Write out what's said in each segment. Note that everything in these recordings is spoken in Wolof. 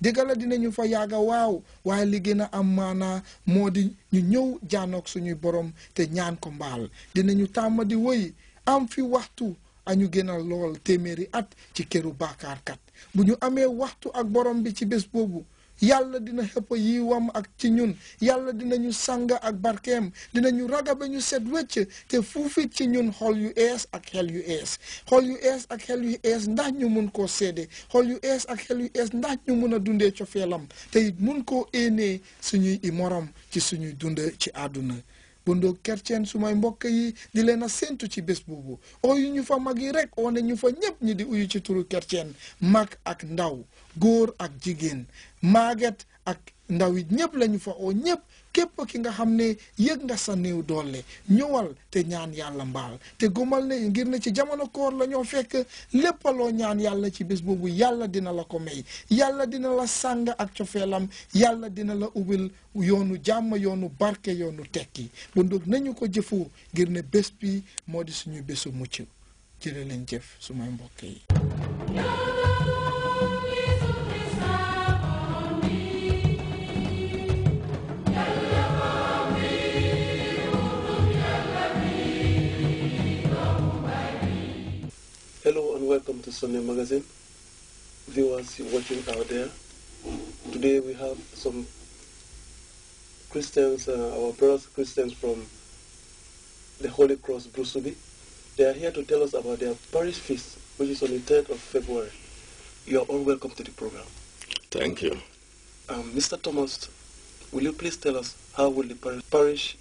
dëgg la dinañu fa yàgga waaw waaye li gën a am maanaa moo di ñu ñëw jaanook suñuy borom te ñaan ko mbaal dinañu tàmm di woy am fi waxtu añu gën a lool téeméeri at ci këru baakaarkat bu ñu amee waxtu ak borom bi ci bés boobu yàlla dina xëpp yiwam ak ci ñun yàlla dinañu sang ak barkeem dinañu raga ba ñu set wëcc te fuufit ci ñun xool yu ees ak xel yu ees xool yu ees ak xel yu ees ndax ñu mun koo séede xool yu ees ak xel yu ees ndax ñu mun a dundee cofeelam te it mun koo éenee suñuy i morom ci suñuy dund ci àdduna bundoo kerceen sumay mbokk yi di leen a séntu ci bés boobu ooyu ñu fa mag yi rek oo ne ñu fa ñëpp ñi di uyu ci turu kerceen mag ak ndaw góor ak jigéen maaget ak ndaw yi ñëpp lañu fa oo ñëpp képp ki nga xam ne yëg nga sa néew doole ñëwal te ñaan yàlla mbaal te gumal ne ngir ne ci jamono koor la ñoo fekk lépp ñaan yàlla ci bés boobu yàlla dina la ko may yàlla dina la sàng ak cofeelam yàlla dina la ubbil yoonu jàmm yoonu barke yoonu tekki bu ndóg nañu ko jëfu ngir ne bés bi moo di suñu bésu mucc jërë leen jëf sumay mbokk yi Sunday Magazine, viewers watching out there. Today we have some Christians, uh, our brothers Christians from the Holy Cross, Brusubi. They are here to tell us about their parish feast, which is on the 3rd of February. You are all welcome to the program. Thank you. Um, Mr. Thomas, will you please tell us how will the parish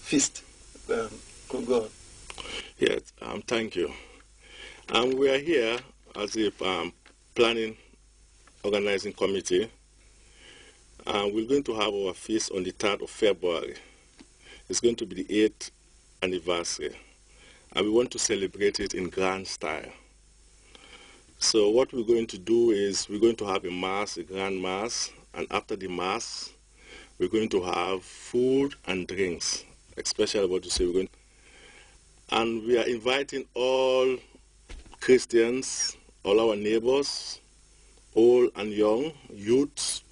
feast um, go on? Yes, um, thank you. Um, we are here as a um, planning organizing committee. Uh, we're going to have our feast on the 3rd of February. It's going to be the 8th anniversary. And we want to celebrate it in grand style. So what we're going to do is we're going to have a mass, a grand mass, and after the mass, we're going to have food and drinks, especially what you say we're going to and we are inviting all Christians all our neighbors, old and young, youths.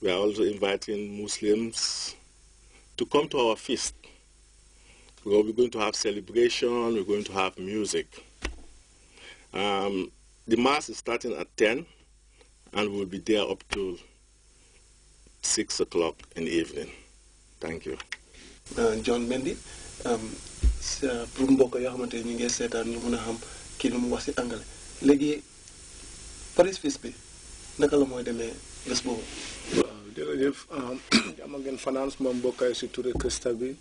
We are also inviting Muslims to come to our feast. We're going to have celebration, we're going to have music. Um, the mass is starting at 10 and we'll be there up to 6 o'clock in the evening. Thank you. Uh, John Mendy, um, pour mbokk yoo xamante ne ñu ngi seetaan léegi paris-fils bi naka la mooy demee bés boobu. waaw jërëjëf jàmm ngeen fanaan moom mbokkaay si bi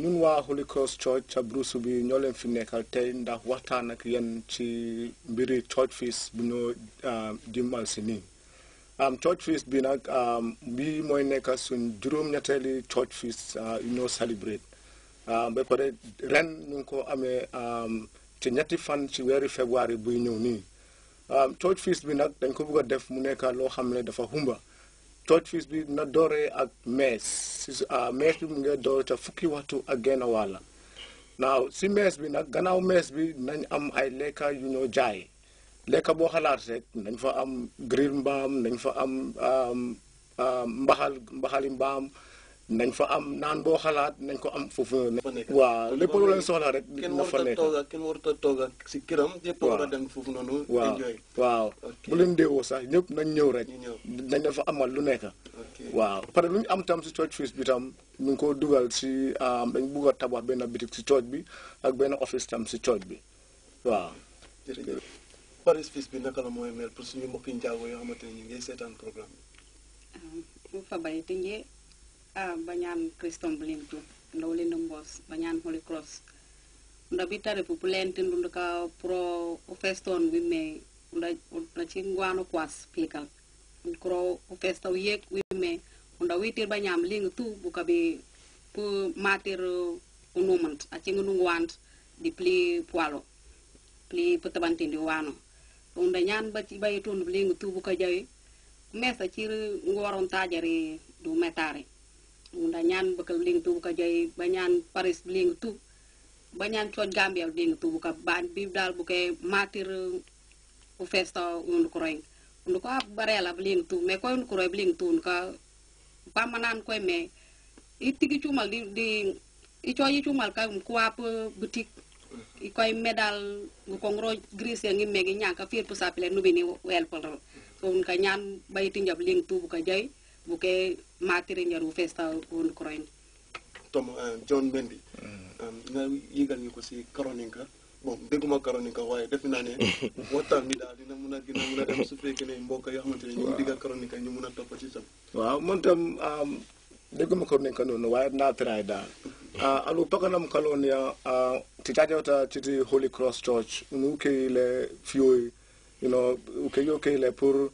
ñun waa Holy Cross Church ca Brusque bi ñoo leen fi nekkal tey ndax waxtaan ak yéen ci mbiri church fees bu ñoo dimbal si nii church fees bi nag bi mooy nekk suñ juróom-ñetteeli church fees ah, yu ñoo celebrate ba pare ren ko amee. ci ñetti fan ci weeri février buy ñëw nii ah, church feast bi nag dañ ko bëgg a def mu nekk loo xam ne dafa humba church feast bi na dooree ak mees ah, mees bi mu ngi doore ca fukki waxtu ak genn naaw si mees bi nag gannaaw mees bi nañ am ay lekka yu ñoo jaay lekka boo xalaat rek nañ fa am grill mbaam nañ fa am mbaxal mbaxali mbaam nañ fa am naan boo xalaat nañ ko am foofu. waaw lépp lu leen soxla rek. na fa nekk kenn warut a toog ak si këram. ñëpp a dem foofu noonu. waaw waaw bu leen deewoo sax ñëpp nañ ñëw rek. nañ dafa amal lu nekk. waaw pare lu ñu am tam si church fees bi tam ñu ngi ko dugal si dañ bugg a tabax benn bitik si church bi ak benn office tam si church bi waaw. jërëjëf bi naka la mooy pour suñu mbokki njaago yoo xamante ne ñu ngi seetaan programme Ah, banyan kriston bulin tu ndo ulin bos banyan holy cross unda bitare fu pulentin unda ka pro ofeston, wimme unda unda chingwano kwas pikal kro festa yek wime unda witir banyam ling tu buka bi, pu matir uh, unumant achingu nungwant di pli pualo pli putabantin di wano unda nyan ba ci bayitun ling tu buka jawi mesa ci ngoron tajari du metare munda ñaan bakal ling tubu ka jay ba ñaan paris ling tu ba ñaan cooj gambia ling tubu ka baañ bi dal bu ke matir euh, u festa undu kuroy undu ko ab tu me koy undu kuroy tu ka pamanan koy me itigi cumal di di icoyi cumal ka kuwap euh, butik ikoy medal ngukongro gris yangi megi nyaka fir pusapile nubini welpol so ka nyan bayti njab ling tu bu ka jay buke matiri nyaru festa on kroin tom uh, john bendi mm. um, nga yigal ñu ko si karoninka bon dégguma karoninka waaye defe naa ne waxtaan bi daal dina mun a gën dem su fekkee ne mbokk yoo xamante ne ñu ngi diggal karoninka ñu mun a topp ci sam waaw man tam um, dégguma karoninka noonu waaye na try daal mm. uh, alu pakanam kalonia uh, titajota titi holy cross church nu ukeyile fiyoy you know ukeyo ukeyile pour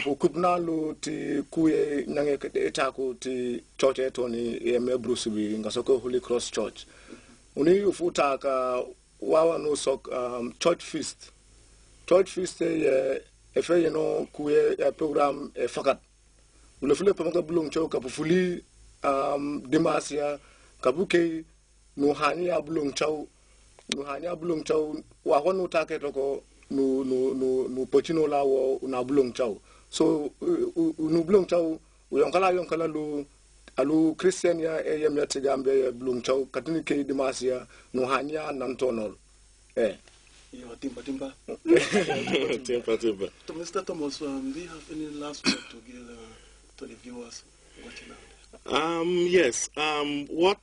kutna lu ti kuye nange etaku ti church eto ni eme bruce bi nga holy cross church uni yufu taka wawa no sok um, church feast church feast ye efe ye no kuye ya program e fakat ule fule pamaka bulung cho kapufuli um, dimasia kabuke nuhani ya bulung chau nuhani ya bulung chau wahonu take toko nu nu nu nu pochino lawo na bulung chau so nublong chau uyonkala yonkala lu alu christian ya eyem eh, ya tigambe ya blum chau katini ke dimasia nuhania nantonol eh Yo, timba timba. timba timba. To Mr. Thomas, um, do you have any last word to give uh, to the viewers watching out? Um, yes. Um, what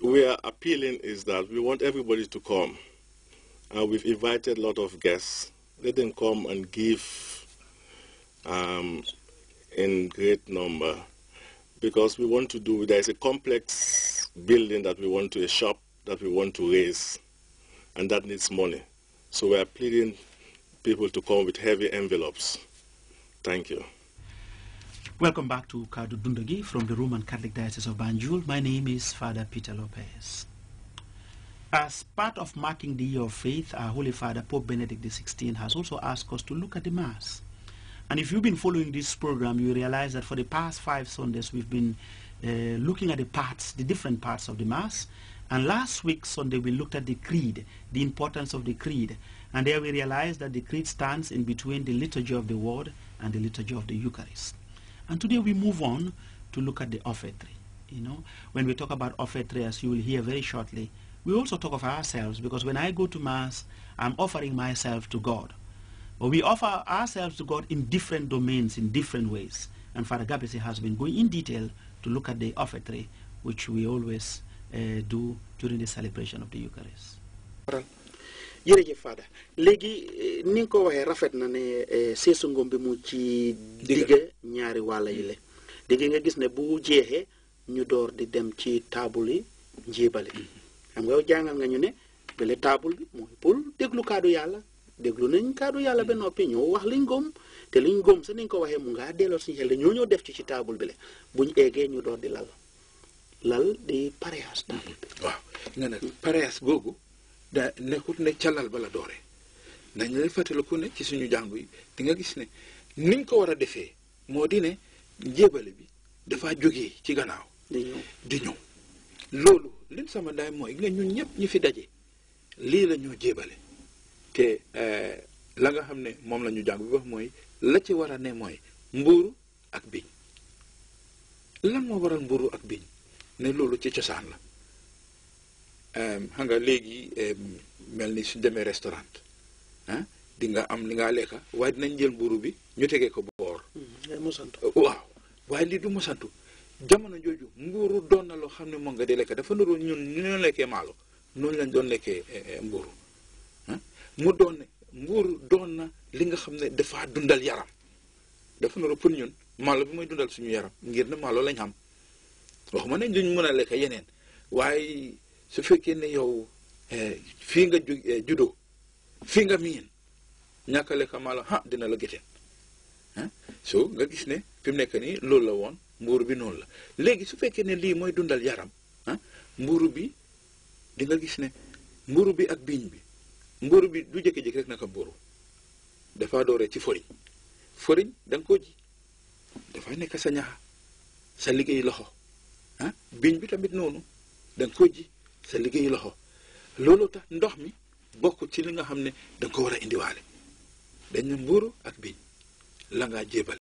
we are appealing is that we want everybody to come. Uh, we've invited a lot of guests. Let them come and give um, in great number because we want to do, there's a complex building that we want to, a shop that we want to raise, and that needs money. So we are pleading people to come with heavy envelopes. Thank you. Welcome back to Kadu Dundagi from the Roman Catholic Diocese of Banjul. My name is Father Peter Lopez. As part of marking the year of faith, our Holy Father Pope Benedict XVI has also asked us to look at the Mass and if you've been following this program, you realize that for the past five Sundays, we've been uh, looking at the parts, the different parts of the Mass. And last week, Sunday, we looked at the creed, the importance of the creed. And there we realized that the creed stands in between the liturgy of the Word and the liturgy of the Eucharist. And today we move on to look at the offertory. You know, when we talk about offertory, as you will hear very shortly, we also talk of ourselves because when I go to Mass, I'm offering myself to God. But we offer ourselves to God in different domains, in different ways. And Father Gabese has been going in detail to look at the offertory, which we always uh, do during the celebration of the Eucharist. jërëjëf Fada léegi eh, ni nga ko waxee rafet na ne eh, seesu ngom bi mu ci digg ñaari wàll yi la léegi nga gis ne bu jeexee ñu door di dem ci taabul yi njiibale xam mm-hmm. nga jàngal nga ñu ne bële taabul bi mooy pour déglu kaadu yàlla déglu nañ kaddu yàlla ba noppi ñoo wax liñ gom te liñ gom sa niñ ko waxee mu ngaa delloo suñu xel ñoo def ci ci taabul bi la buñ ñu door di lal di pareas taabul bi. Mm-hmm. waaw nga ne pareas googu daa ca lal ba la dooree nañ la fàttaliku ne ci suñu jàngu yi di nga gis ne niñ ko war a defee moo di ne njéebale bi dafa jógee ci gannaaw. di ñëw loolu lim sama ndaay mooy nga ñun ñëpp ñi fi daje lii la ñoo jébale. te eh, la nga xam ne moom la ñu jàng bi wax mooy la ci war a ne mooy mbuuru ak biñ lan moo waral mburu ak biñ ne loolu ci cosaan la xam nga léegi mel ni su demee restaurant ah di nga am li ngaa lekka waaye dinañ jël mburu bi ñu tegee ko boor mm, waaw waaye lii du mosantu jamono jooju mbuuru doon na loo xam ne moom nga di lekka dafa naroon ñun ñu lekkee maalo noonu lañ doon lekkee eh, eh, mburu mu doon ne nguur doon na li nga xam ne dafa dundal yaram dafa nara pour ñun maalo bi mooy dundal suñu yaram ngir ne maalo lañ xam waxuma ne duñ mën a lekk yeneen waaye su fekkee ne yow eh, fii nga ju eh, juddoo fii nga miin ñàkk a lekk maalo ah, dina la gëteen ah so nga gis ne fi nekk nii loolu la woon mbuur bi noonu la léegi su fekkee ne lii mooy dundal yaram ah mbuuru bi di gis ne mburu bi ak biiñ bi mburu bi du jékki-jékki rek naka mburu dafa dooree ci foriñ foriñ da nga ko ji dafa nekk sa ñaxa sa liggéey loxo ah biñ bi tamit noonu da nga ko ji sa liggéeyu loxo looloo tax ndox mi bokk ci li nga xam ne da ko war a indiwaale dañ ne mburu ak biñ la ngaa jébbal